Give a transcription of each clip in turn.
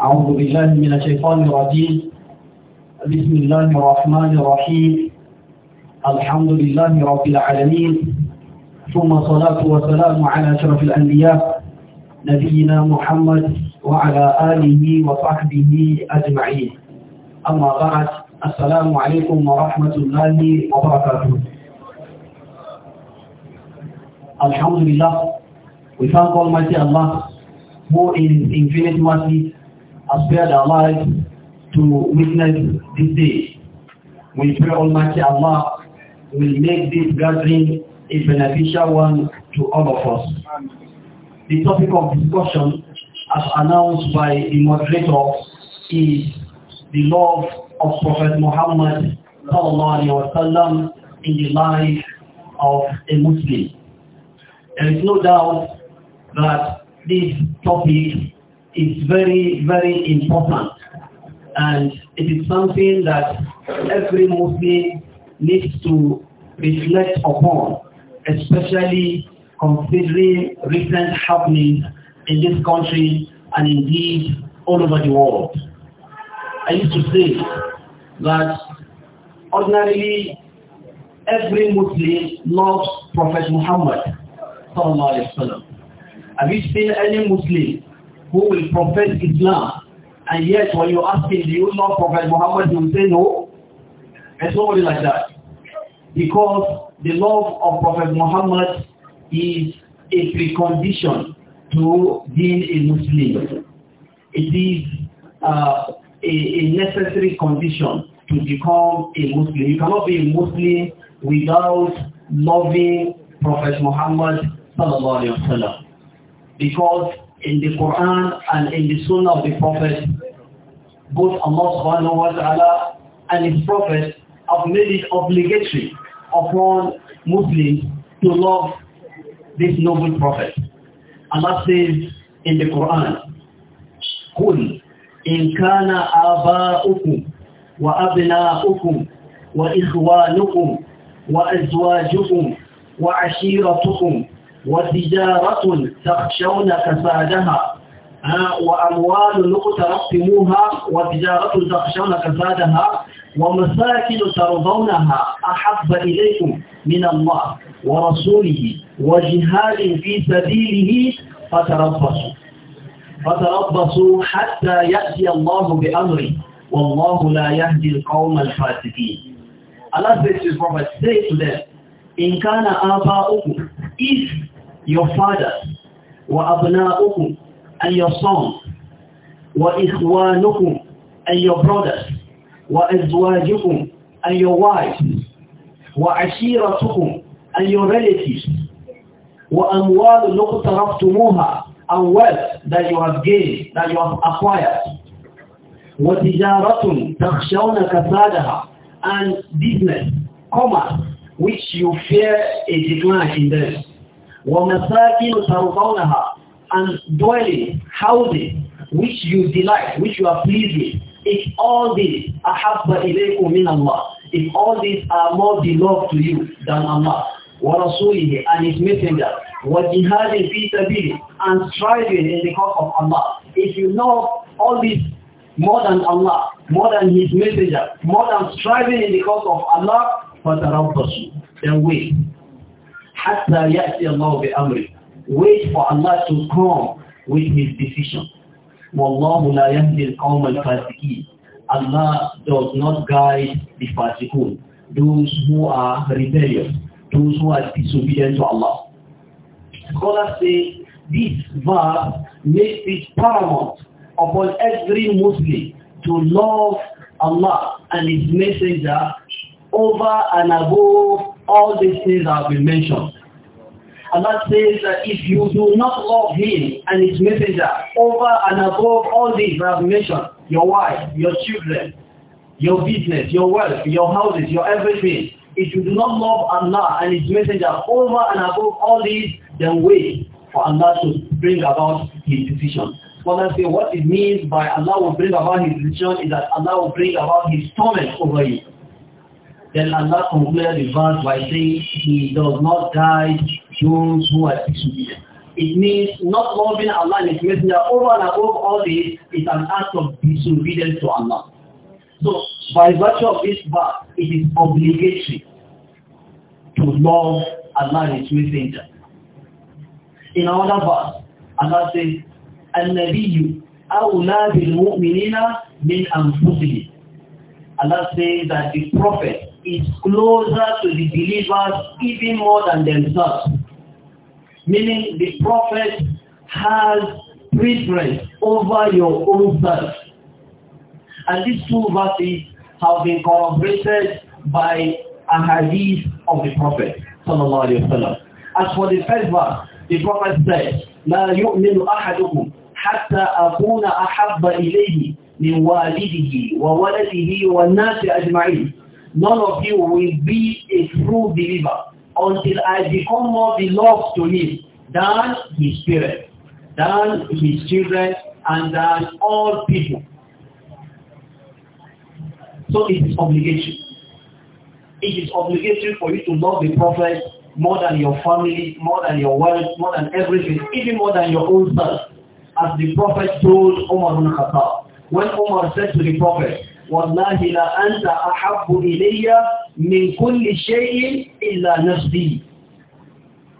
أعوذ بالله من الشيطان الرجيم بسم الله الرحمن الرحيم الحمد لله رب العالمين ثم صلاة وسلام على شرف الأنبياء نبينا محمد وعلى آله وصحبه أجمعين أما بعد السلام عليكم ورحمة الله وبركاته Alhamdulillah, we thank Almighty Allah who in infinite mercy has spared our lives to witness this day. We pray Almighty Allah will make this gathering a beneficial one to all of us. The topic of discussion, as announced by the moderator, is the love of Prophet Muhammad sallallahu in the life of a Muslim. There is no doubt that this topic is very, very important. And it is something that every Muslim needs to reflect upon, especially considering recent happenings in this country and indeed all over the world. I used to say that ordinarily every Muslim loves Prophet Muhammad sallallahu alayhi wa sallam. Have you seen any Muslim who will profess Islam and yet when you ask him, do you love Prophet Muhammad, he will say no? There's nobody like that. Because the love of Prophet Muhammad is a precondition to being a Muslim. It is uh, a, a necessary condition to become a Muslim. You cannot be a Muslim without loving Prophet Muhammad alayhi وسلم, because in the Quran and in the Sunnah of the Prophet, both Allah subhanahu wa ta'ala and his Prophet have made it obligatory upon Muslims to love this noble Prophet. Allah says in the Quran, "Kun قُلْ إِنْ كَانَ آبَاؤُكُمْ وَأَبْنَاؤُكُمْ وَإِخْوَانُكُمْ وَأَزْوَاجُكُمْ وَعَشِيرَتُكُمْ وتجارة تخشون كسادها آه، وأموال اقترفتموها وتجارة تخشون كسادها ومساكن ترضونها أحب إليكم من الله ورسوله وجهاد في سبيله فتربصوا فتربصوا حتى يأتي الله بأمره والله لا يهدي القوم الفاسقين Allah says to Prophet, say to them, إن كان آباؤكم إذ your fathers, وَأَبْنَاؤُكُمْ and your sons, وَإِخْوَانُكُمْ and your brothers, وَأَزْوَاجُكُمْ and your wives, وَعَشِيرَتُكُمْ and your relatives, وَأَمْوَالُ نُقْتَرَفْتُمُوهَا and wealth that you have gained, that you have acquired, وَتِجَارَةٌ تَخْشَوْنَ كَسَادَهَا and business, commerce, which you fear a decline in them. وَمَسَاكِنُ تَرْضَوْنَهَا And dwelling, housing, which you delight, which you are pleased with. If all these habba ilaykum min Allah, If all these are more beloved to you than Allah, وَرَسُولِهِ and His Messenger, وَجِهَادٍ فِي سَبِيلِهِ and striving in the cause of Allah. If you know all these more than Allah, more than His Messenger, more than striving in the cause of Allah, فَتَرَبَّصُوا Then wait. Hatta ya'ti Allah bi amri. Wait for Allah to come with his decision. Wallahu la yahdi al-qawm Allah does not guide the fasiqun, those who are rebellious, those who are disobedient to Allah. Scholars say this verse makes it paramount upon every Muslim to love Allah and His Messenger over and above all these things have been mentioned. Allah says that if you do not love him and his messenger over and above all these that I've mentioned, your wife, your children, your business, your wealth, your houses, your everything, if you do not love Allah and his messenger over and above all these, then wait for Allah to bring about his decision. Scholars say what it means by Allah will bring about his decision is that Allah will bring about his torment over you. Then Allah concluded the verse by saying, He does not guide those who are disobedient. It means not loving Allah and His Messenger over and above all this is an act of disobedience to Allah. So, by virtue of this verse, it is obligatory to love Allah and His Messenger. In another verse, Allah says, النبي أولى بالمؤمنين من أنفسهم. Allah says that the prophet is closer to the believers even more than themselves. Meaning the prophet has preference over your own self. And these two verses have been corroborated by a hadith of the Prophet. As for the first verse, the Prophet said, لا يؤمن أحدكم حتى أكون أحب إليه من والده وولده والناس أجمعين none of you will be a true believer until I become more beloved to him than his parents, than his children, and than all people. So it is obligation. It is obligatory for you to love the prophet more than your family, more than your wife, more than everything, even more than your own self. As the prophet told Omar ibn Khattab, when Omar said to the prophet, والله لا أنت أحب إلي من كل شيء إلا نفسي.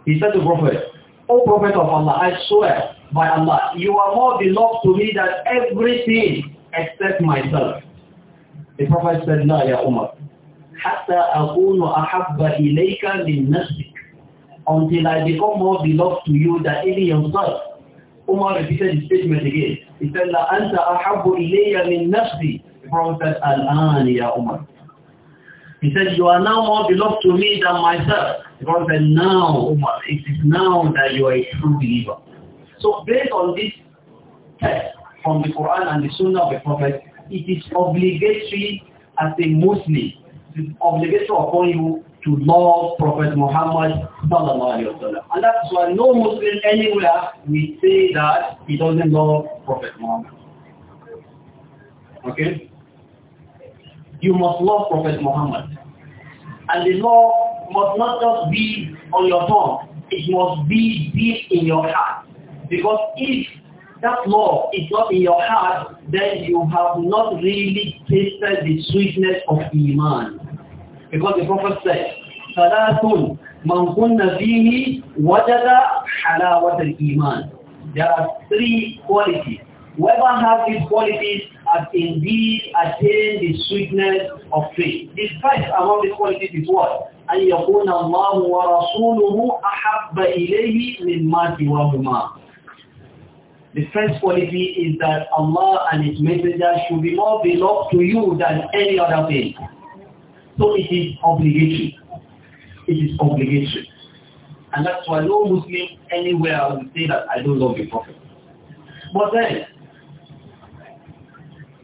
He said to the Prophet, O Prophet of Allah, I swear by Allah, you are more beloved to me than everything except myself. The Prophet said, لا يا Umar, حتى أكون أحب إليك من نفسك until I become more beloved to you than even yourself. Umar repeated his statement again. He said, لا أنت أحب إلي من نفسي Prophet Al-An, Ya Umar. He said, you are now more beloved to me than myself. The Prophet said, now, Umar, it is now that you are a true believer. So based on this text from the Quran and the Sunnah of the Prophet, it is obligatory as a Muslim, it is obligatory upon you to love Prophet Muhammad sallallahu alaihi wasallam, And that's why no Muslim anywhere will say that he doesn't love Prophet Muhammad. Okay? you must love Prophet Muhammad. And the law must not just be on your tongue, it must be deep in your heart. Because if that law is not in your heart, then you have not really tasted the sweetness of Iman. Because the Prophet said, Salatun man kunna fihi wajada halawat al-Iman. There are three qualities. Whoever has these qualities has indeed attained the sweetness of faith. This faith among the qualities is what? أن يكون الله ورسوله أحب إليه مما سواهما. The first quality is that Allah and His Messenger should be more beloved to you than any other thing. So it is obligatory. It is obligatory. And that's why no Muslim anywhere will say that I don't love the Prophet. But then,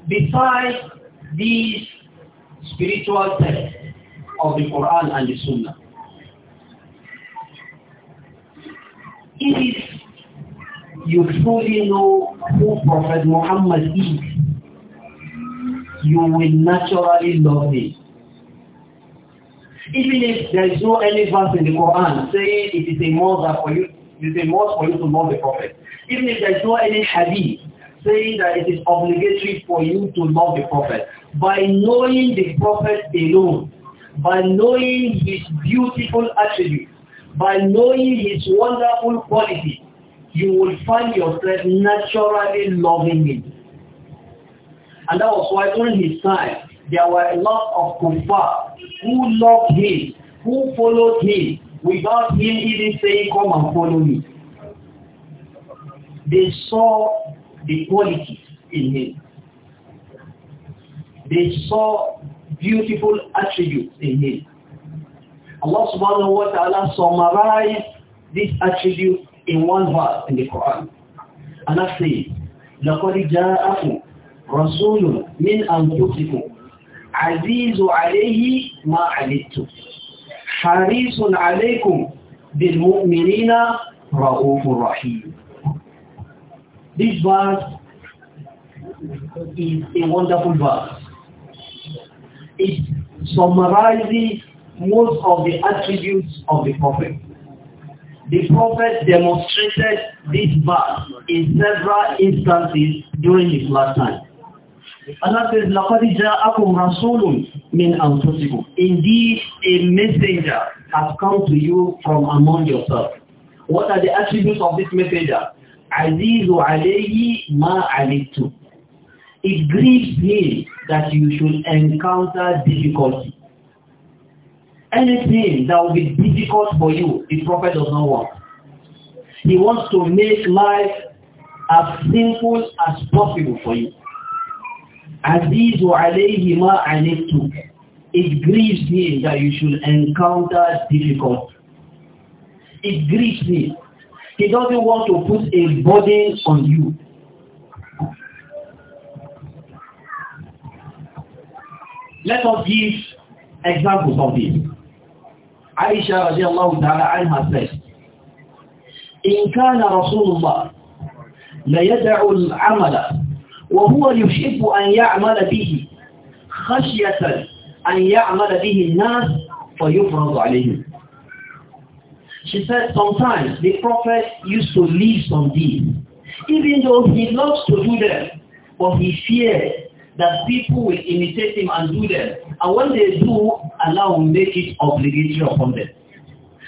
besides these spiritual texts of the Quran and the Sunnah. If you truly know who Prophet Muhammad is, you will naturally love him. Even if there is no any verse in the Quran saying it is a must for you, it is a must for you to know the Prophet. Even if there is no any hadith saying that it is obligatory for you to love the prophet. By knowing the prophet alone, by knowing his beautiful attributes, by knowing his wonderful qualities, you will find yourself naturally loving him. And that was why during his time, there were a lot of kuffar who loved him, who followed him, without him even saying, come and follow me. They saw the qualities in him. They saw beautiful attributes in him. Allah subhanahu wa ta'ala summarized this attribute in one verse in the Quran. And that says, لَقَدْ جَاءَكُمْ رَسُولٌ مِنْ أَنْفُسِكُمْ عَزِيزُ عَلَيْهِ مَا عَلِدْتُمْ حَرِيصٌ عَلَيْكُمْ بِالْمُؤْمِنِينَ رَؤُوفٌ رَحِيمٌ This verse is a wonderful verse. It summarizes most of the attributes of the prophet. The prophet demonstrated this verse in several instances during his lifetime. Allah says, لَقَدْ جَاءَكُمْ رَسُولٌ مِنْ أَنْفُسِكُمْ Indeed, a messenger has come to you from among yourself. What are the attributes of this messenger? Azizu alayhi ma alitu. It grieves me that you should encounter difficulty. Anything that will be difficult for you, the Prophet does not want. He wants to make life as simple as possible for you. Azizu alayhi ma alitu. It grieves me that you should encounter difficulty. It grieves me He doesn't want to put a burden on you. Let us give examples of this. Aisha رضي الله تعالى عنها says, إن كان رسول الله ليدع العمل وهو يحب أن يعمل به خشية أن يعمل به الناس فيفرض عليهم. She said, sometimes the prophet used to leave some deeds, even though he loves to do them, but he feared that people will imitate him and do them. And when they do, Allah will make it obligatory upon them.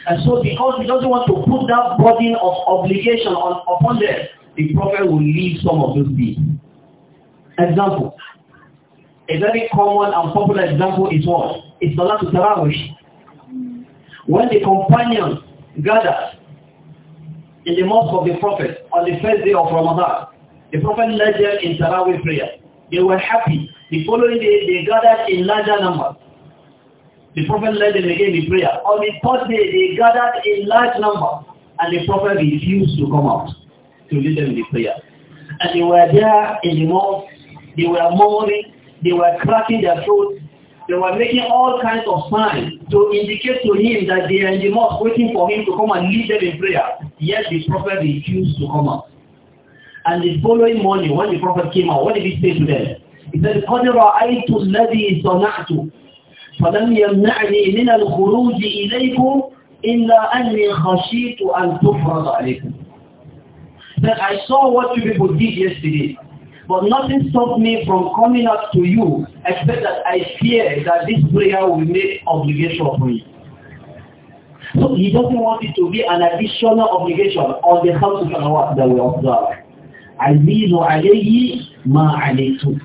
And so because he doesn't want to put that burden of obligation on, upon them, the prophet will leave some of those deeds. Example. A very common and popular example is what? It's the Salat Tarawish. When the companions gathered in the mosque of the Prophet on the first day of Ramadan. The Prophet led them in Taraweeh prayer. They were happy. The following day, they gathered in larger numbers. The Prophet led them again in prayer. On the third day, they gathered in large numbers. And the Prophet refused to come out to lead them in the prayer. And they were there in the mosque. They were mourning. They were cracking their throats. They were making all kinds of signs to indicate to him that they are in the mosque waiting for him to come and lead them in prayer. Yet the prophet refused to come out. And the following morning, when the prophet came out, what did he say to them? He said, قَدْ رَأَيْتُ الَّذِي صَنَعْتُ فَلَمْ يَمْنَعْنِي مِنَ الْخُرُوجِ إِلَيْكُمْ إِلَّا أَنِّي خَشِيتُ أَنْ تُفْرَضَ عَلَيْكُمْ That I saw what you people did yesterday. But nothing stopped me from coming up to you except that I fear that this prayer will make obligation of me. So he doesn't want it to be an additional obligation on the house of Allah that we observe. I mean, Azizu alayhi ma alaytu.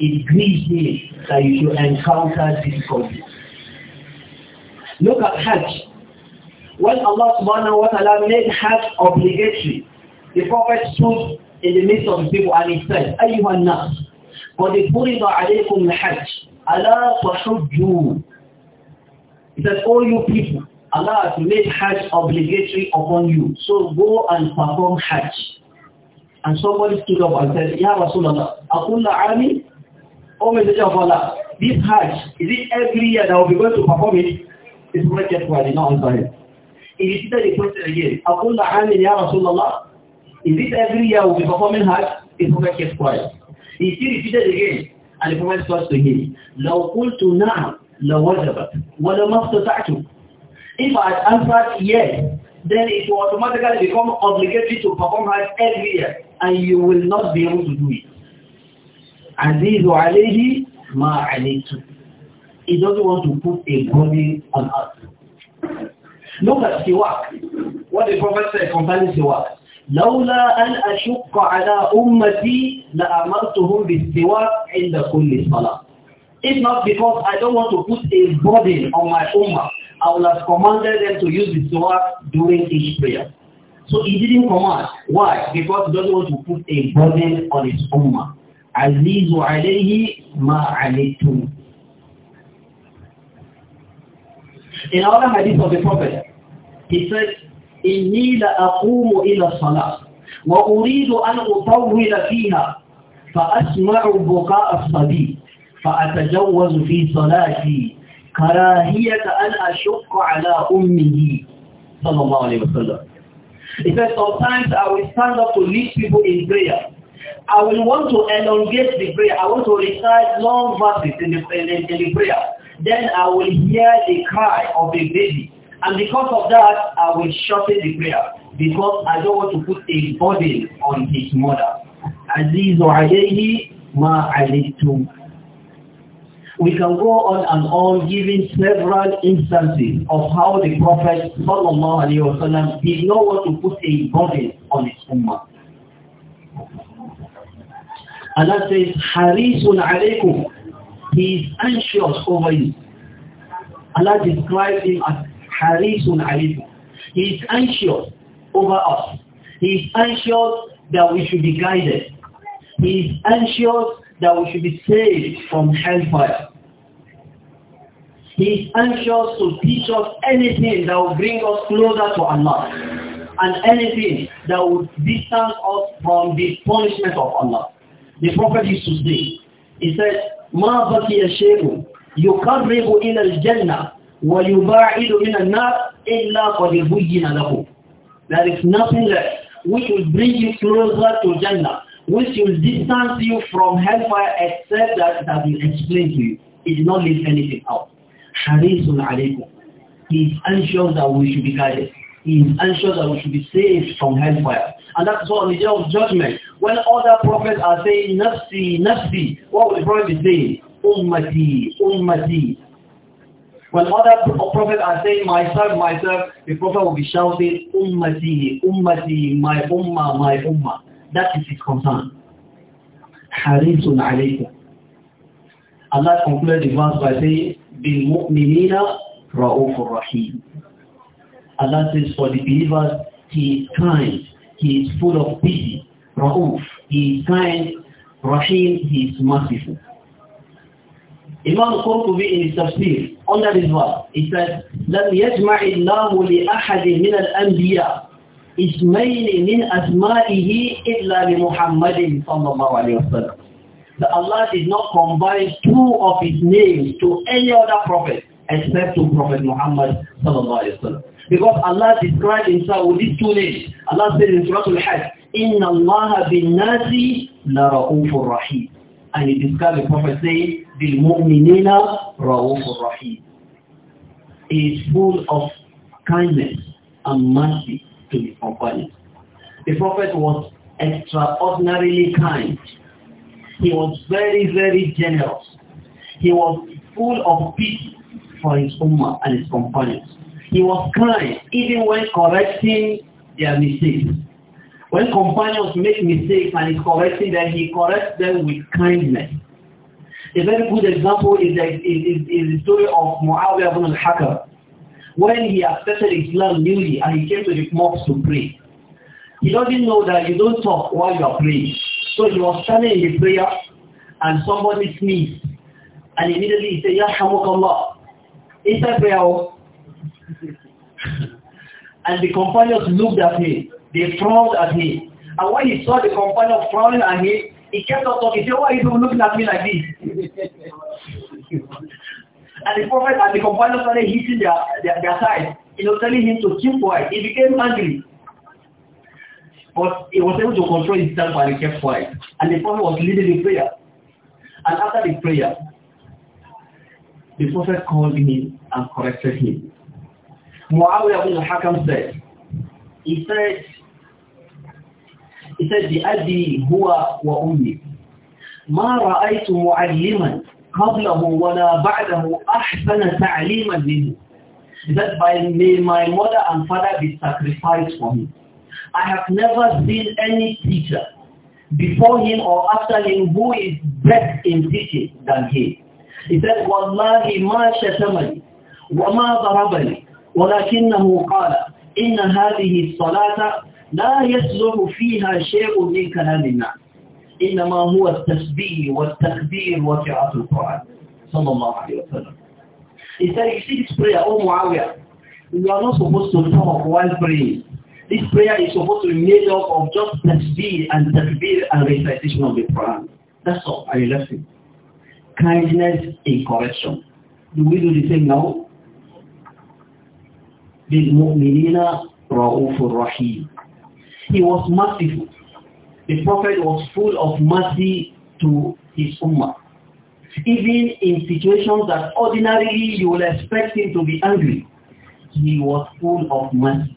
It grieves me that you should encounter difficulties. Look at Hajj. When Allah subhanahu wa ta'ala made Hajj obligatory, the Prophet stood in the midst of the people and he said, أيها الناس قد فرض عليكم الحج ألا تحجوا He said, all you people, Allah has made Hajj obligatory upon you. So go and perform Hajj. And somebody stood up and said, Ya Rasulullah, Akulla Ami, O Messenger of Allah, this Hajj, is it every year that we will be going to perform it? It's project why did not answer him. He repeated the question again, Akulla Ami, Ya Rasulullah. Is it every year we'll be performing Hajj? The Prophet kept quiet. He still repeated again, and the Prophet said to him, لو قلت نعم لوجبت ولما استطعت. If I answer answered yes, then it will automatically become obligatory to perform Hajj every year, and you will not be able to do it. Azizu alayhi ma alaytu. He doesn't want to put a body on us. Look at Siwak. What the Prophet said concerning Siwak. لولا أن أشق على أمتي لأمرتهم بالسواك عند كل صلاة If not because I don't want to put a burden on my ummah, I would have commanded them to use the siwak during each prayer. So he didn't command. Why? Because he doesn't want to put a burden on his ummah. عَزِيزُ alayhi ma عَلَيْتُمْ In other hadith of the Prophet, he said, إني لأقوم إلى الصلاة وأريد أن أطول فيها فأسمع بقاء الصبي فأتجوز في صلاتي كراهية أن أشق على أمه صلى الله عليه وسلم He said, sometimes I will stand up to lead people in prayer. I will want to elongate the prayer. I want to recite long verses in the, in, in the prayer. Then I will hear the cry of a baby. And because of that, I will shorten the prayer because I don't want to put a burden on his mother. Azizu alayhi ma alaytum. We can go on and on giving several instances of how the Prophet wasallam did not want to put a burden on his ummah. Allah says, Harisun alaykum. He is anxious over you. Allah describes him as harisun He is anxious over us. He is anxious that we should be guided. He is anxious that we should be saved from hellfire. He is anxious to teach us anything that will bring us closer to Allah and anything that would distance us from the punishment of Allah. The Prophet used to say, he said, مَا بَكِيَ شَيْءٌ يُقَرِّبُ إِلَى الْجَنَّةِ وَيُبَاعِدُ مِنَ النَّارِ إِلَّا قَدْ بُيِّنَ لَهُ There is nothing left which will bring you closer to Jannah, which will distance you from hellfire except that it has been explained to you. It did not leave anything out. Harisun alaykum. He is anxious that we should be guided. He is anxious that we should be saved from hellfire. And that's why the day of judgment, when other prophets are saying, Nafsi, Nafsi, what will the prophet be saying? Ummati, Ummati, When other prophets are saying, myself, myself, the prophet will be shouting, ummati, ummati, my ummah, my ummah. That is his concern. Harisun alayka. Allah concludes the verse by saying, بِالْمُؤْمِنِينَ Raufur Raheem. Allah says, for the believers, He is kind, He is full of pity, Ra'uf, He is kind, Rahim, He is merciful. Imam Qurtubi in his tafsir, under this verse, he said, لَمْ يَجْمَعِ اللَّهُ لِأَحَدٍ مِنَ الْأَنْبِيَاءِ إِسْمَيْنِ مِنْ أَسْمَائِهِ إِلَّا لِمُحَمَّدٍ صَلَّى اللَّهُ عَلَيْهِ وَسَلَّمَ That Allah did not combine two of his names to any other prophet except to Prophet Muhammad صلى الله عليه وسلم Because Allah described himself with these two names. Allah said in Surah Al-Hajj, إِنَّ اللَّهَ بِالنَّاسِ لَرَؤُوفُ الرَّحِيمُ and he described the Prophet saying, the mu'minina Rauf Rahim is full of kindness and mercy to his companions. The Prophet was extraordinarily kind. He was very, very generous. He was full of pity for his ummah and his companions. He was kind even when correcting their mistakes. When companions make mistakes and he's correcting them, he corrects them with kindness. A very good example is the, is, is the story of Muawiyah ibn al-Hakam. When he accepted Islam newly and he came to the mosque to pray, he doesn't know that you don't talk while you are praying. So he was standing in the prayer and somebody sneezed. And immediately he said, Yahhamukallah. Inside prayer. and the companions looked at him. They frowned at him. And when he saw the companion frowning at him, he kept on talking. He said, why are you looking at me like this? and the prophet and the companion started hitting their, their, their side, you know, telling him to keep quiet. He became angry. But he was able to control himself and he kept quiet. And the prophet was leading the prayer. And after the prayer, the prophet called him and corrected him. Muawiyah ibn Hakam said, he said, said أبي هو وأمي ما رأيت معلما قبله ولا بعده أحسن تعليما منه. That by me, my mother and father be sacrificed for me. I have never seen any teacher before him or after him who is better in teaching than he. He said, والله ما شتمني وما ضربني ولكنه قال إن هذه الصلاة لا يصلح فيها شيء من كلام الناس إنما هو التسبيح والتخبير وفعة القرآن صلى الله عليه وسلم He said, you see this prayer, O Muawiyah, you are not supposed to talk while praying. This prayer is supposed to be made up of just tasbih and takbir and recitation of the Quran. That's all. Are you listening? Kindness in correction. Do we do the same now? mu'minina رؤوف rahim. He was merciful. The Prophet was full of mercy to his ummah. Even in situations that ordinarily you will expect him to be angry, he was full of mercy.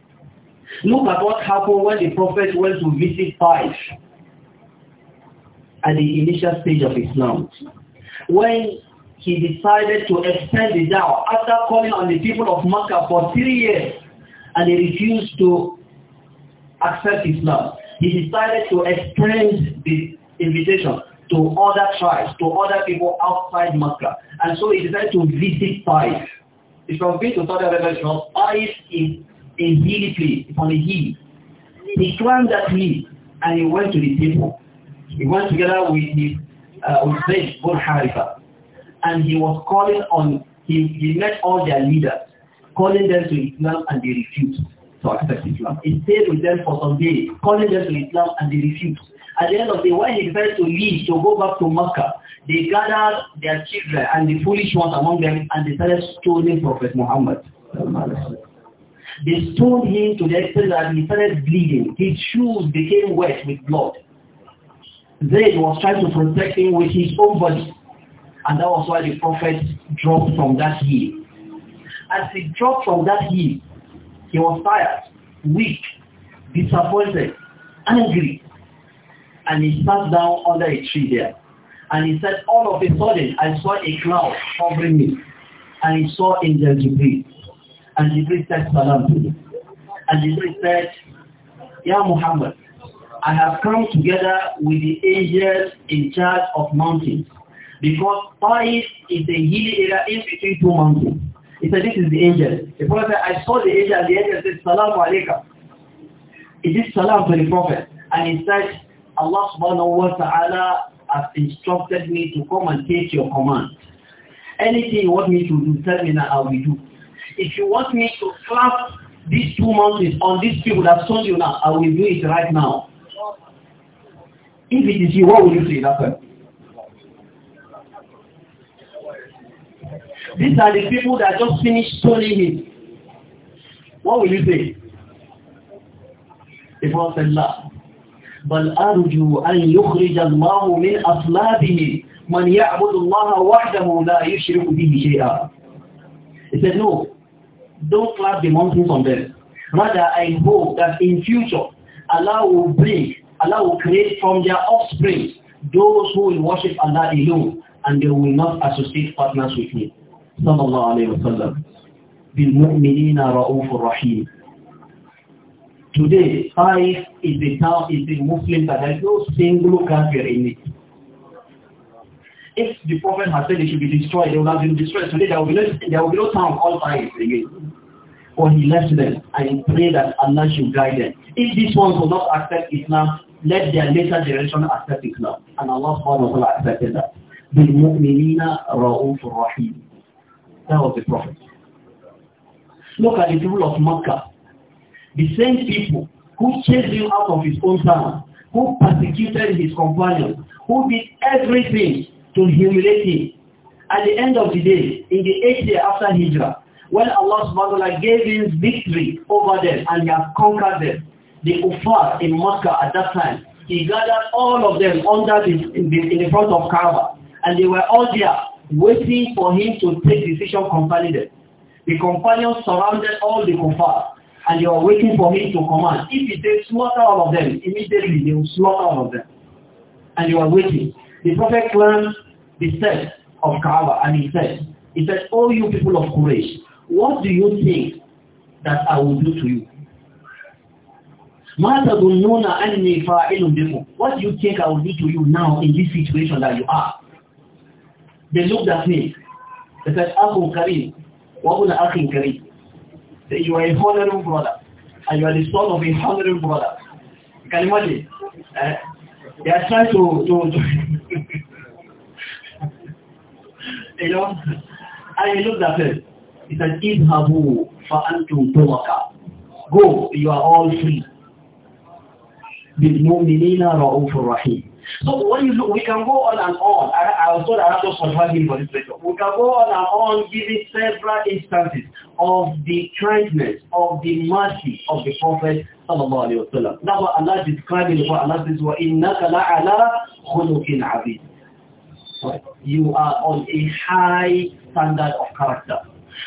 Look at what happened when the Prophet went to visit Taif at the initial stage of Islam. When he decided to extend the da'wah after calling on the people of Makkah for three years and they refused to accept Islam, he decided to extend the invitation to other tribes, to other people outside Mecca. And so he decided to visit Taif. It's from Greece to Saudi Arabia, from Taif is in hilly place, it's hill. He climbed that hill and he went to the temple. He went together with his uh, with Zayd bin Harifa. And he was calling on, he, he met all their leaders, calling them to Islam and they refused to accept Islam. He stayed with them for some days, calling them to Islam and they refused. At the end of the day, when he decided to leave, to go back to Makkah, they gathered their children and the foolish ones among them and they started stoning Prophet Muhammad. They stoned him to the extent that he started bleeding. His shoes became wet with blood. Zayd was trying to protect him with his own body. And that was why the prophet dropped from that hill. As he dropped from that hill, he was tired, weak, disappointed, angry. And he sat down under a tree there. And he said, all of a sudden, I saw a cloud covering me. And he saw angel Jibril. And Jibril said salam to him. And Jibril said, Ya Muhammad, I have come together with the angels in charge of mountains. Because Paris is a hilly area in between two mountains. He said, this is the angel. The prophet said, I saw the angel and the angel said, Salamu alaikum. He did salam to the prophet. And he said, Allah subhanahu wa ta'ala has instructed me to come and take your command. Anything you want me to do, tell me now I will do. If you want me to clap these two mountains on these people that sold you now, I will do it right now. If it is you, what will you say that These are the people that just finished stoning him. What will you say? The said, Allah. بل أرجو أن يخرج الله من أصلابه من يعبد الله وحده لا يشرك به شيئا. He said, no, don't clap the mountains on them. Rather, I hope that in future, Allah will bring, Allah will create from their offspring those who will worship Allah alone and they will not associate partners with him. صلى الله عليه وسلم بالمؤمنين رؤوف رحيم Today, Taif is the town is the Muslim that has no single kafir in it. If the Prophet had said it should be destroyed, they would have been destroyed. Today there will be no, there will be no town called Taif again. But he left them and prayed that Allah should guide them. If these ones will not accept Islam, let their later generation accept Islam. And Allah subhanahu wa ta'ala accepted that. بِالْمُؤْمِنِينَ رَؤُوفُ الرَّحِيمُ That was the prophet. Look at the people of Makkah. The same people who chased him out of his own town, who persecuted his companions, who did everything to humiliate him. At the end of the day, in the eighth year after Hijrah, when Allah subhanahu wa ta'ala gave him victory over them and he has conquered them, the kuffar in Makkah at that time, he gathered all of them under the, in, the, in the front of Kaaba and they were all there waiting for him to take decision concerning them. The companions surrounded all the kuffar and you are waiting for him to command. If he did slaughter all of them, immediately they will slaughter all of them. And you are waiting. The prophet climbed the steps of Kaaba and he said, he said, "All oh, you people of courage, what do you think that I will do to you? What do you think I will do to you now in this situation that you are? باللغة اثنين فكان أخ كريم وهنا أخ كريم you are a honorable brother and you are the son of a honorable brother you can imagine uh, they are trying to, to, to you know and he looked at him he said idhabu fa'antum tulaka go you are all free بالمؤمنين رؤوف رحيم So when you look, we can go on and on. I, I was told I have just converted for this lecture. We can go on and on giving several instances of the kindness, of the mercy of the Prophet sallallahu alayhi wa sallam. That's what Allah describing what Allah says, وَإِنَّكَ لَعَلَىٰ خُلُقٍ عَبِيدٍ You are on a high standard of character.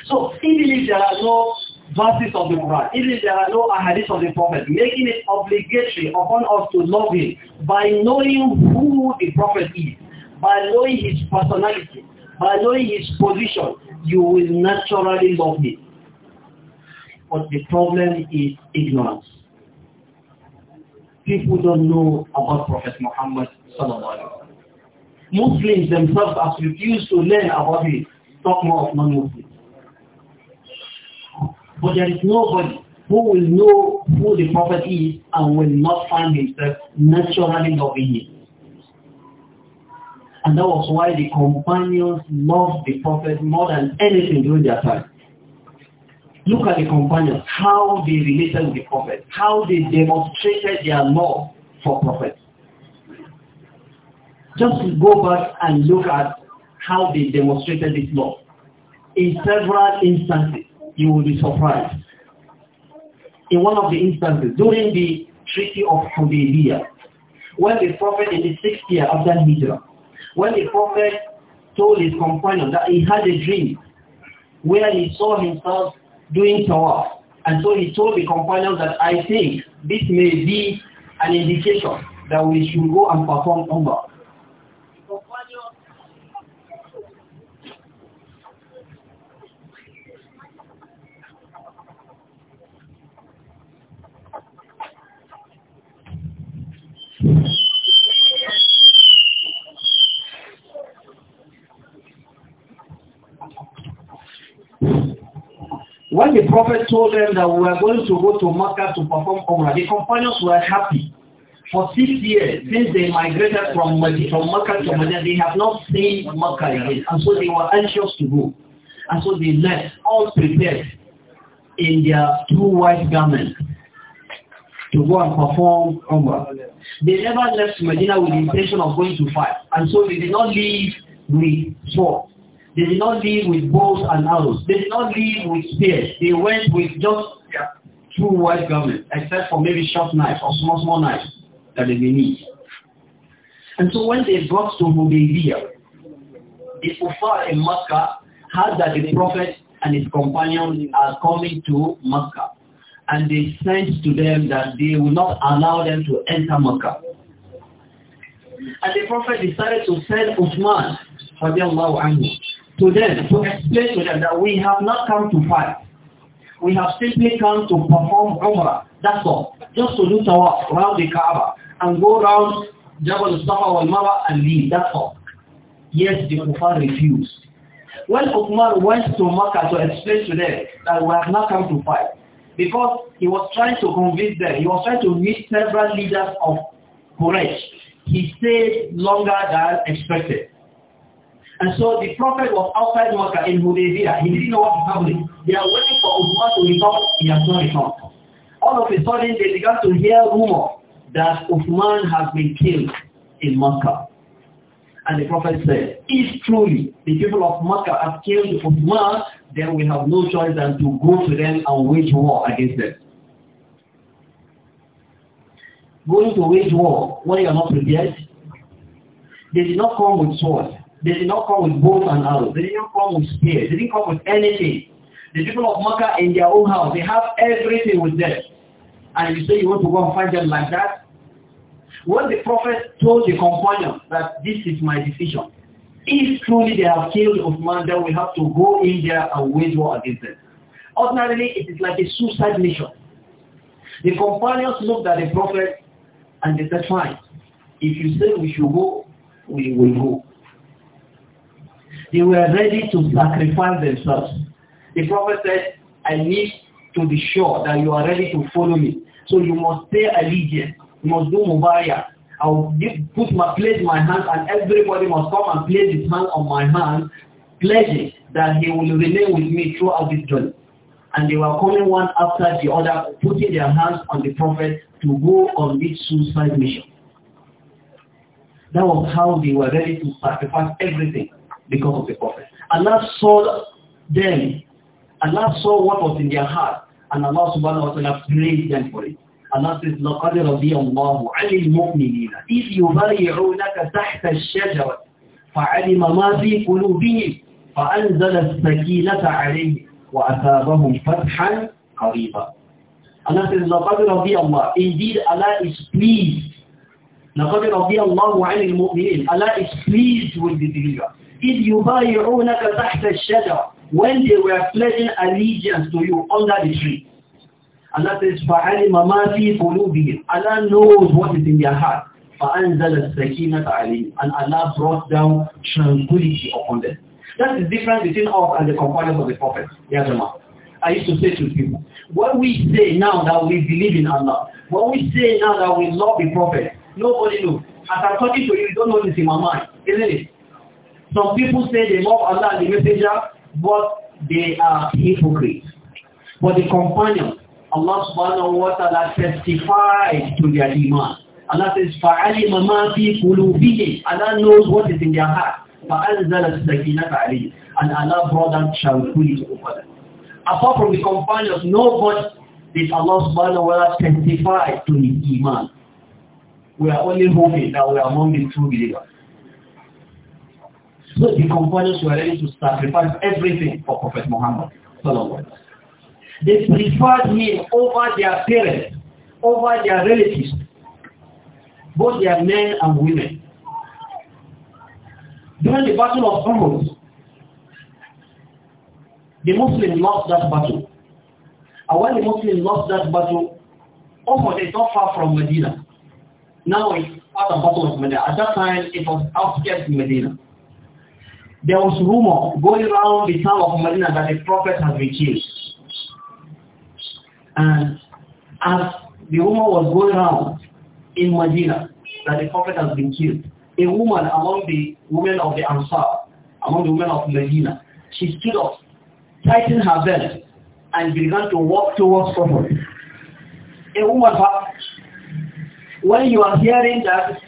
So he believes there are no verses of the Quran, even if there are no ahadith of the Prophet, making it obligatory upon us to love him by knowing who the Prophet is, by knowing his personality, by knowing his position, you will naturally love him. But the problem is ignorance. People don't know about Prophet Muhammad Muslims themselves have refused to learn about him. Talk more of non-Muslims. But there is nobody who will know who the prophet is and will not find himself naturally loving him. And that was why the companions loved the prophet more than anything during their time. Look at the companions, how they related with the prophet, how they demonstrated their love for prophet. Just go back and look at how they demonstrated this love in several instances you will be surprised. In one of the instances, during the Treaty of Hudaybiyah, when the Prophet in the sixth year after Hijrah, when the Prophet told his companion that he had a dream where he saw himself doing tawaf. And so he told the companion that I think this may be an indication that we should go and perform umrah. When the prophet told them that we are going to go to Makkah to perform Umrah, the companions were happy. For six years, since they migrated from, from Makkah to Medina, they have not seen Makkah again. And so they were anxious to go. And so they left, all prepared, in their two white garments to go and perform Umrah. They never left Medina with the intention of going to fight. And so they did not leave with swords. They did not leave with bows and arrows. They did not leave with spears. They went with just two white garments, except for maybe short knives or small, small knives that they may need. And so when they brought to Hudaybiyah, the Kufar in Mecca heard that the Prophet and his companions are coming to Mecca. And they sent to them that they will not allow them to enter Mecca. And the Prophet decided to send Uthman, radiallahu anhu, to them, to explain to them that we have not come to fight. We have simply come to perform Umrah. That's all. Just to do tawaf around the Kaaba and go around Jabal Safa wal Mara and leave. That's all. Yes, the Kufar refused. When Umar went to Makkah to explain to them that we have not come to fight, because he was trying to convince them, he was trying to meet several leaders of Quraysh. He stayed longer than expected. And so the prophet was outside Makkah in Hudaybiyah. He didn't know what was happening. They are waiting for Uthman to return. He has not returned. All of a sudden, they began to hear rumor that Uthman has been killed in Makkah. And the prophet said, if truly the people of Makkah have killed Uthman, then we have no choice than to go to them and wage war against them. Going to wage war when you are not prepared, they did not come with swords. They did not come with bows and arrows. They didn't come with spears. They didn't come with anything. The people of Makkah in their own house, they have everything with them. And you say you want to go and find them like that? When the prophet told the companions that this is my decision, if truly they have killed Uthman, then we have to go in there and wage war against them. Ordinarily, it is like a suicide mission. The companions looked at the prophet and they said, fine, if you say we should go, we will go. They were ready to sacrifice themselves. The prophet said, I need to be sure that you are ready to follow me. So you must pay allegiance. You must do mubaya. I will give, put my place my hand and everybody must come and place his hand on my hand, pledging that he will remain with me throughout this journey. And they were coming one after the other, putting their hands on the prophet to go on this suicide mission. That was how they were ready to sacrifice everything because of the prophet. Allah saw them. Allah saw what was in their heart. And Allah subhanahu wa ta'ala praised them for it. Allah says, لَقَدْ رَضِيَ اللَّهُ عَلِ الْمُؤْمِنِينَ إِذْ يُبَايِعُونَكَ تَحْتَ الشَّجَرَةِ فَعَلِمَ مَا فِي قُلُوبِهِمْ فَأَنْزَلَ السَّكِينَةَ عَلَيْهِمْ وَأَثَابَهُمْ فَتْحًا قَرِيبًا Allah says, لَقَدْ رَضِيَ اللَّهُ Indeed, Allah is pleased. لَقَدْ رَضِيَ اللَّهُ عَلِ الْمُؤْمِنِينَ Allah is pleased with the believers. إِذْ يُبَايِعُونَكَ تَحْتَ الشَّجَرِ When they were pledging allegiance to you under the tree. And that فَعَلِمَ مَا فِي قُلُوبِهِمْ Allah knows what is in their heart. فَأَنْزَلَ السَّكِينَةَ عَلَيْهِمْ And Allah brought down tranquility upon them. That is the difference between us and the companions of the Prophet. Yazama. I used to say to people, what we say now that we believe in Allah, what we say now that we love the Prophet, nobody knows. As I'm talking to you, you don't know this in my mind, isn't it? Some people say they love Allah the Messenger, but they are hypocrites. But the companions, Allah subhanahu wa ta'ala testified to their iman. Allah says, فَعَلِمَ مَا فِي قُلُوبِهِمْ Allah knows what is in their heart. فَأَنْزَلَ السَّكِينَةَ عَلَيْهِ And Allah brought them tranquility over them. Apart from the companions, nobody did Allah subhanahu wa ta'ala testify to his iman. We are only hoping that we are among the true believers. So the companions were ready to sacrifice everything for Prophet Muhammad. They preferred him over their parents, over their relatives, both their men and women. During the Battle of Uhud, the Muslims lost that battle. And when the Muslims lost that battle, Uhud is not far from Medina. Now it's at the battle of Medina. At that time, it was outskirts Medina. there was rumor going around the town of Medina that the prophet has been killed. And as the rumor was going around in Medina that the prophet has been killed, a woman among the women of the Ansar, among the women of Medina, she stood up, tightened her belt, and began to walk towards prophet. A woman, when you are hearing that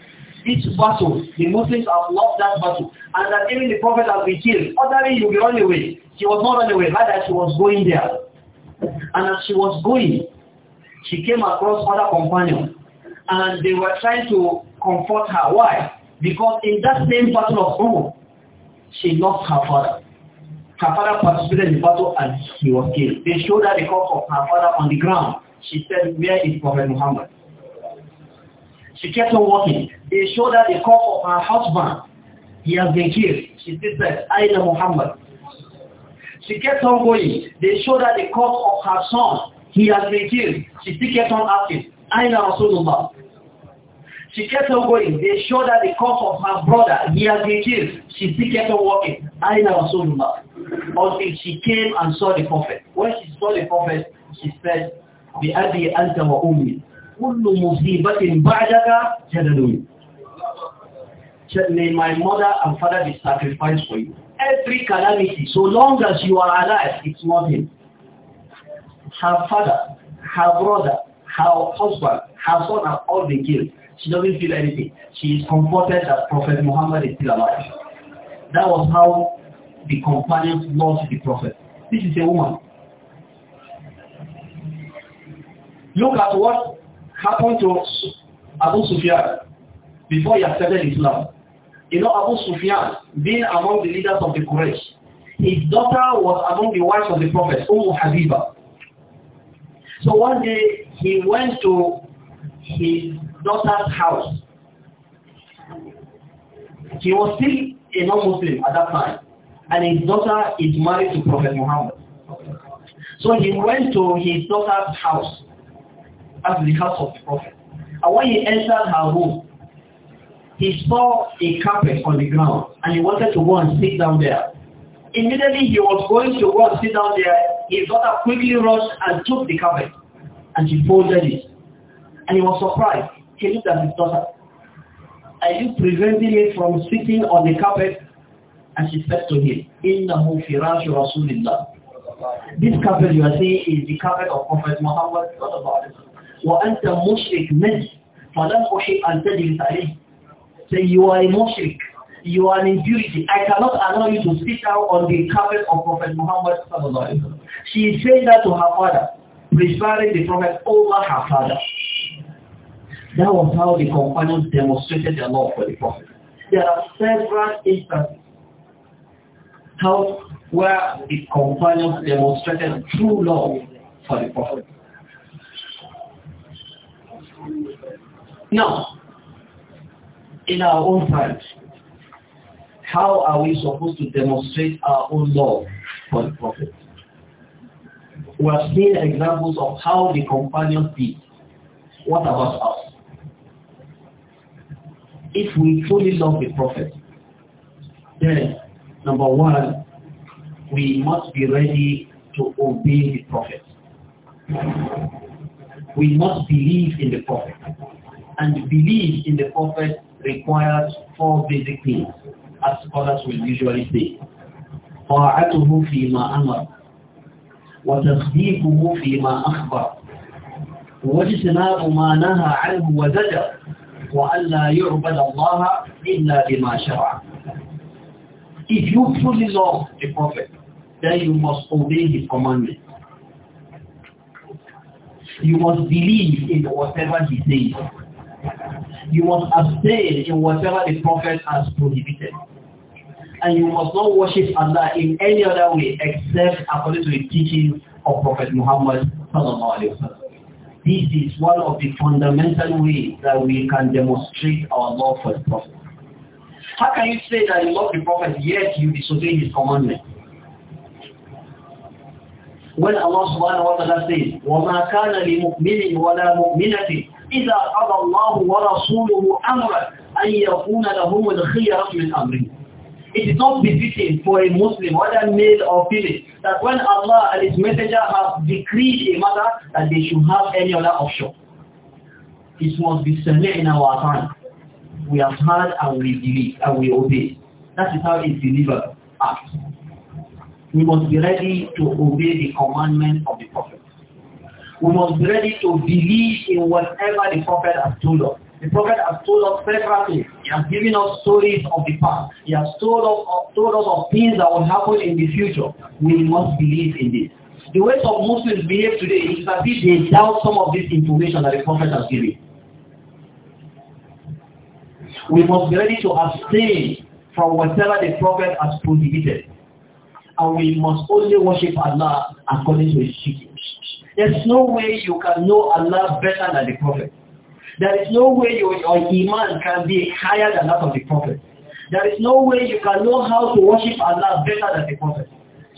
this battle. The Muslims have lost that battle. And that even the Prophet has been killed. Otherwise, you'll be run away. She was not run away. Rather, she was going there. And as she was going, she came across other companions. And they were trying to comfort her. Why? Because in that same battle of Uhud, she lost her father. Her father participated in the battle and he was killed. They showed her the corpse of her father on the ground. She said, where is Prophet Muhammad? She kept on walking. They showed her the corpse of her husband. He has been killed. She did that. Aina Muhammad. She kept on going. They showed her the corpse of her son. He has been killed. She still kept on asking. Aina Rasulullah. She kept on going. They showed her the corpse of her brother. He has been killed. She still kept on walking. Aina Rasulullah. Until she came and saw the prophet. When she saw the prophet, she said, Bi Abi Anta wa Ummi. kullu musibatin ba'daka jadalun. May my mother and father be sacrificed for you. Every calamity, so long as you are alive, it's not him. Her father, her brother, her husband, her son have all been killed. She doesn't feel anything. She is comforted that Prophet Muhammad is still alive. That was how the companions lost the Prophet. This is a woman. Look at what happened to Abu Sufyan before he accepted Islam. You know, Abu Sufyan, being among the leaders of the Quraysh, his daughter was among the wives of the Prophet, Umm Habiba. So one day, he went to his daughter's house. He was still a non-Muslim at that time, and his daughter is married to Prophet Muhammad. So he went to his daughter's house as to the house of the prophet. And when he entered her room, he saw a carpet on the ground and he wanted to go and sit down there. Immediately he was going to go and sit down there, his daughter quickly rushed and took the carpet and she folded it. And he was surprised. He looked at his daughter. Are you preventing me from sitting on the carpet? And she said to him, إِنَّهُ فِرَاشُ رَسُولِ اللَّهِ This carpet you are seeing is the carpet of Prophet Muhammad وأنت مشرك منه فلن أحب أن تجلس عليه say you are a mushrik you are an impurity I cannot allow you to sit down on the carpet of Prophet Muhammad الله عليه وسلم. she is saying that to her father preferring the Prophet over her father that was how the companions demonstrated their love for the Prophet there are several instances how where the companions demonstrated true love for the Prophet now, in our own times, how are we supposed to demonstrate our own love for the Prophet? We have seen examples of how the companions did. What about us? If we truly love the Prophet, then number one, we must be ready to obey the Prophet we must believe in the Prophet. And believe in the Prophet requires four basic things, as scholars will usually say. طاعته أمر وتصديقه أخبر ما يعبد الله إلا بما شرع If you truly love the Prophet, then you must obey his commandments. You must believe in whatever he says. You must abstain in whatever the prophet has prohibited. And you must not worship Allah in any other way except according to the teaching of Prophet Muhammad This is one of the fundamental ways that we can demonstrate our love for the Prophet. How can you say that you love the Prophet yet you disobey his commandments? When Allah subhanahu wa ta'ala says, وَمَا كَانَ لِمُؤْمِنٍ وَلَا مُؤْمِنَةٍ إِذَا قَضَى اللَّهُ وَرَسُولُهُ أَمْرًا أَنْ يَكُونَ لَهُمُ الْخِيَرَةُ مِنْ أَمْرِهِ it is not befitting for a Muslim, whether male or female, that when Allah and His Messenger have decreed a matter, that they should have any other option. It must be clear in our time. We have heard and we believe and we obey. That is how it's delivered act. We must be ready to obey the commandment of the prophet. We must be ready to believe in whatever the prophet has told us. The prophet has told us several things. He has given us stories of the past. He has told us, told us of things that will happen in the future. We must believe in this. The way some Muslims behave today is that they doubt some of this information that the prophet has given. We must be ready to abstain from whatever the prophet has prohibited and we must only worship Allah according to his teachings. There's no way you can know Allah better than the Prophet. There is no way your, your iman can be higher than that of the Prophet. There is no way you can know how to worship Allah better than the Prophet.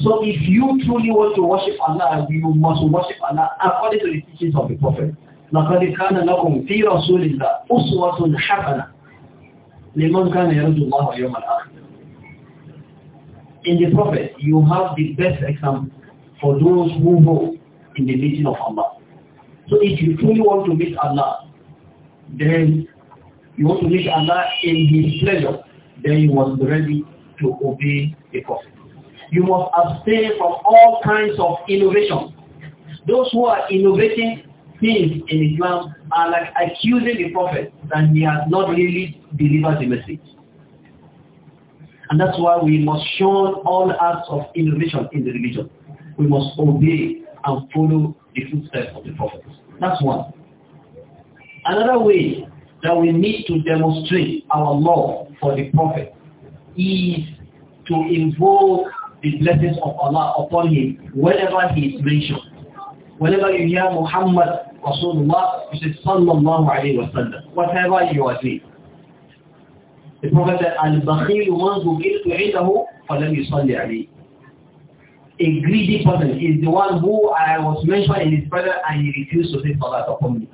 So if you truly want to worship Allah, you must worship Allah according to the teachings of the Prophet. لَقَدْ كَانَ لَكُمْ فِي رَسُولِ اللَّهِ أُسْوَةٌ حَسَنَةٌ لِمَنْ كَانَ يَرْجُ اللَّهَ يَوْمَ الْآخِرِ in the Prophet, you have the best example for those who know in the meeting of Allah. So if you truly want to meet Allah, then you want to meet Allah in His pleasure, then you must be ready to obey the Prophet. You must abstain from all kinds of innovation. Those who are innovating things in Islam are like accusing the Prophet that he has not really delivered the message. And that's why we must shun all acts of innovation in the religion. We must obey and follow the footsteps of the prophets. That's one. Another way that we need to demonstrate our love for the prophet is to invoke the blessings of Allah upon him whenever he is mentioned. Whenever you hear Muhammad Rasulullah, you say Sallallahu Alaihi Wasallam, whatever you are doing. The Prophet who Al-Bakhil manzu giltu idahu falam yusalli alayhi. A greedy person is the one who I was mentioned in his brother and he refused to say salat upon me.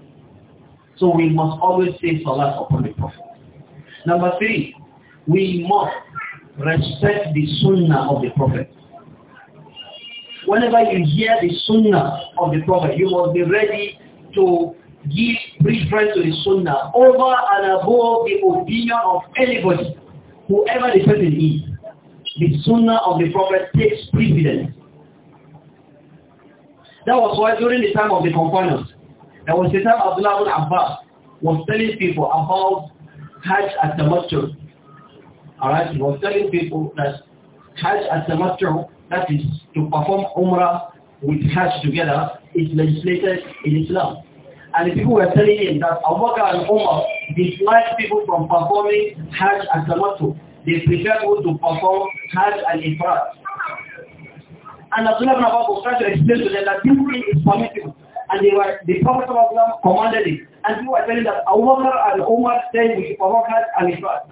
So we must always say salat upon the Prophet. Number three, we must respect the sunnah of the Prophet. Whenever you hear the sunnah of the Prophet, you must be ready to give preference to the sunnah over and above the opinion of anybody, whoever the person is. The sunnah of the prophet takes precedence. That was why during the time of the companions, there was the time Abdullah ibn Abbas was telling people about Hajj at the Masjid. Alright, he was telling people that Hajj at the Masjid that is to perform Umrah with Hajj together, is legislated in Islam. And the people were telling him that Abu Bakr and Umar disliked people from performing Hajj and Tamattu. They preferred people to perform Hajj and Ifrat. And Abdullah ibn Abbas was trying to explain to them that this thing is permissible. And they were, the Prophet commanded it. And people were telling that Abu Bakr and Umar said we should perform Hajj and Ifrat.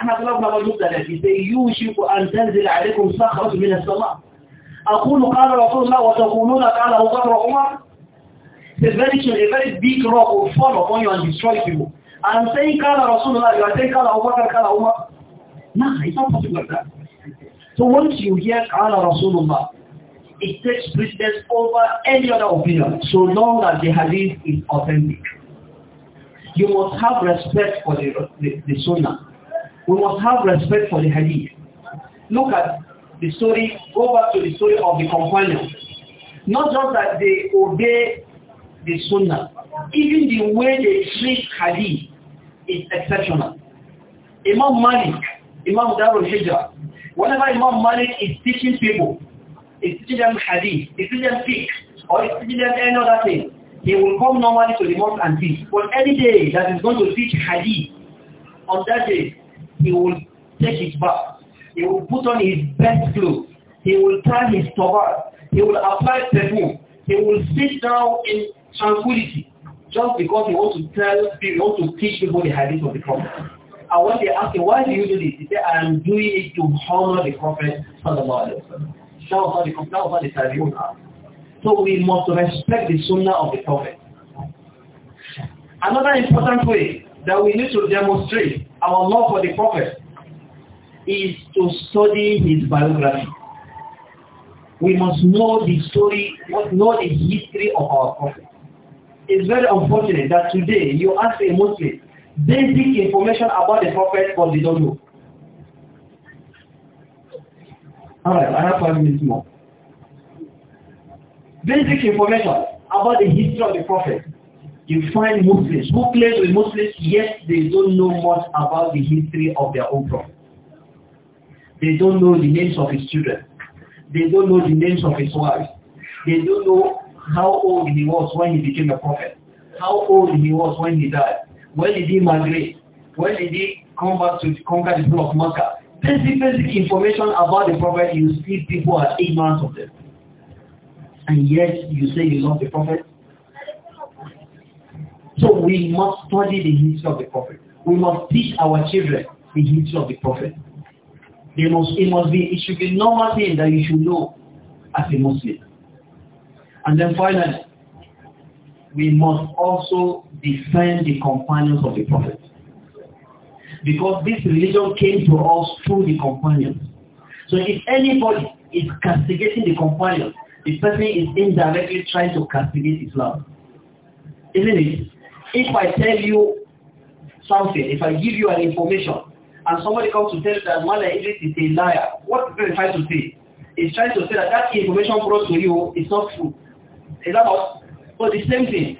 And Abdullah ibn Abbas looked at it. He said, يوشك أن تنزل عليكم صخرة من السماء. أقول قال رسول الله وتقولون قال أبو بكر وعمر It's very soon, a very big rock will fall upon you and destroy people. And I'm saying Kala Rasulullah, you are saying Kala Umar. Kala Umar. Nah, it's not possible like that. So once you hear Kala Rasulullah, it takes precedence over any other opinion, so long as the hadith is authentic. You must have respect for the, the, the sunnah. We must have respect for the hadith. Look at the story, go back to the story of the companions. Not just that they obey the sunnah. Even the way they treat hadith is exceptional. Imam Malik, Imam Darul Hijrah, whenever Imam Malik is teaching people, is teaching them hadith, is teaching them fiqh, or is teaching them any other thing, he will come normally to the mosque and teach. But any day that he's going to teach hadith, on that day, he will take his bath. He will put on his best clothes. He will tie his turban. He will apply perfume. He will sit down in tranquility just because you want to tell people, you want to teach people the hadith of the Prophet. And when they ask him, why do you do this? He said, I am doing it to honor the Prophet sallallahu alayhi wa sallam. the, that the So we must respect the sunnah of the Prophet. Another important way that we need to demonstrate our love for the Prophet is to study his biography. We must know the story, must know the history of our Prophet. it's very unfortunate that today you ask a Muslim basic information about the Prophet, but they don't know. All right, I have five minutes more. Basic information about the history of the Prophet. You find Muslims who claim to be Muslims, yet they don't know much about the history of their own Prophet. They don't know the names of his children. They don't know the names of his wives. They don't know how old he was when he became a prophet, how old he was when he died, when did he migrate, when did he come back to conquer the people of Makkah. Basic, basic information about the prophet, you see people are ignorant of them. And yet you say you love the prophet. So we must study the history of the prophet. We must teach our children the history of the prophet. They must, it must be, it should be normal thing that you should know as a Muslim. And then finally, we must also defend the companions of the prophet. Because this religion came to us through the companions. So if anybody is castigating the companions, the person is indirectly trying to castigate Islam. Isn't it? If I tell you something, if I give you an information, and somebody comes to tell you that Mala Idris is a liar, what is he trying to say? He's trying to say that that information brought to you is not true. Is that not? But the same thing.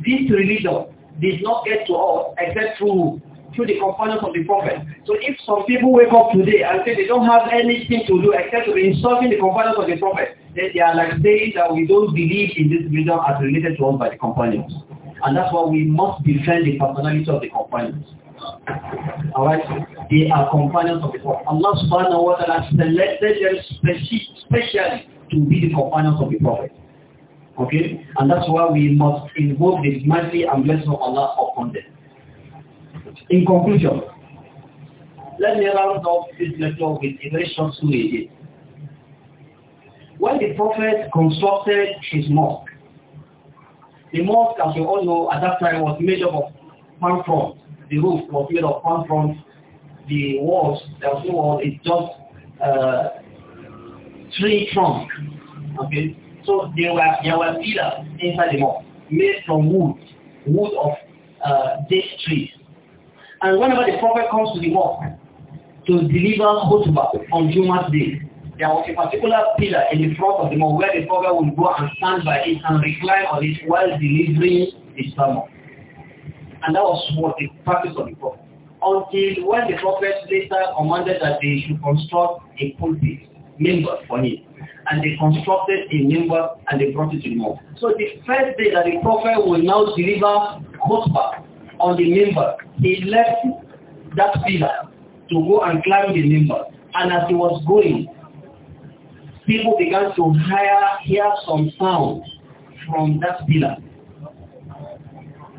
This religion did not get to us except through through the companions of the prophet. So if some people wake up today and say they don't have anything to do except to be insulting the companions of the prophet, then they are like saying that we don't believe in this religion as related to us by the companions. And that's why we must defend the personality of the companions. Alright? They are companions of the prophet. Allah subhanahu wa ta'ala selected them specially to be the companions of the prophet. Okay? And that's why we must invoke the mercy and blessing of Allah upon them. In conclusion, let me round off this lecture with a very short story When the Prophet constructed his mosque, the mosque, as you all know, at that time was made up of palm fronds. The roof was made of palm fronds. The walls, there was no wall, it's just uh, tree Okay? So there were there were pillars inside the mosque made from wood, wood of uh, date trees. And whenever the prophet comes to the mosque to deliver khutbah on Jumat day, there was a particular pillar in the front of the mosque where the prophet would go and stand by it and recline on it while delivering his sermon. And that was what the practice of the prophet. Until when the prophet later commanded that they should construct a pulpit member for him. and they constructed a member and they brought it to the mosque. So the first day that the prophet will now deliver khutbah on the member, he left that pillar to go and climb the member. And as he was going, people began to hear, hear some sound from that pillar.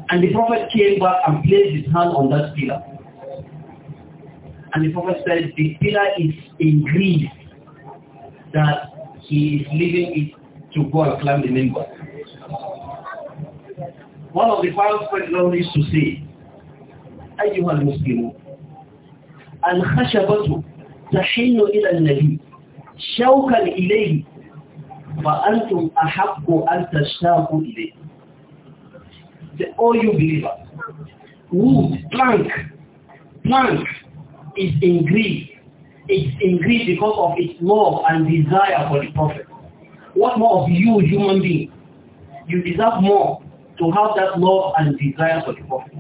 And the prophet came back and placed his hand on that pillar. And the prophet said, the pillar is in grief that he is leaving it to go and climb the member. One of the pious presidents is to say, أيها المسلمون الخشبة تحن إلى النبي شوكا إليه فأنتم أحق أن تشتاقوا إليه. The all you believers, wood, plank, plank is in grief It's increased because of its love and desire for the Prophet. What more of you, human being? You deserve more to have that love and desire for the Prophet.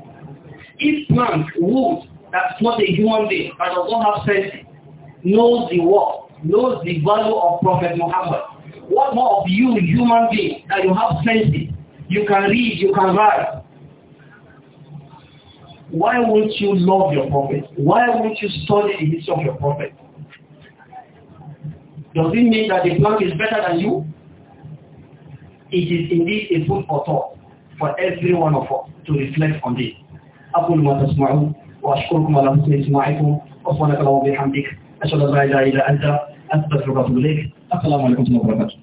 If plant, wood, that's not a human being, but does not have sense, knows the worth, knows the value of Prophet Muhammad, what more of you, human being, that you have sense? you can read, you can write, why won't you love your prophet? Why won't you study the history of your prophet? Does it mean that the plank is better than you? It is indeed a food for thought for every one of us to reflect on this. أقول ما وأشكركم على حسن أشهد أن لا إله إلا أنت أستغفرك وأتوب إليك السلام عليكم ورحمة الله وبركاته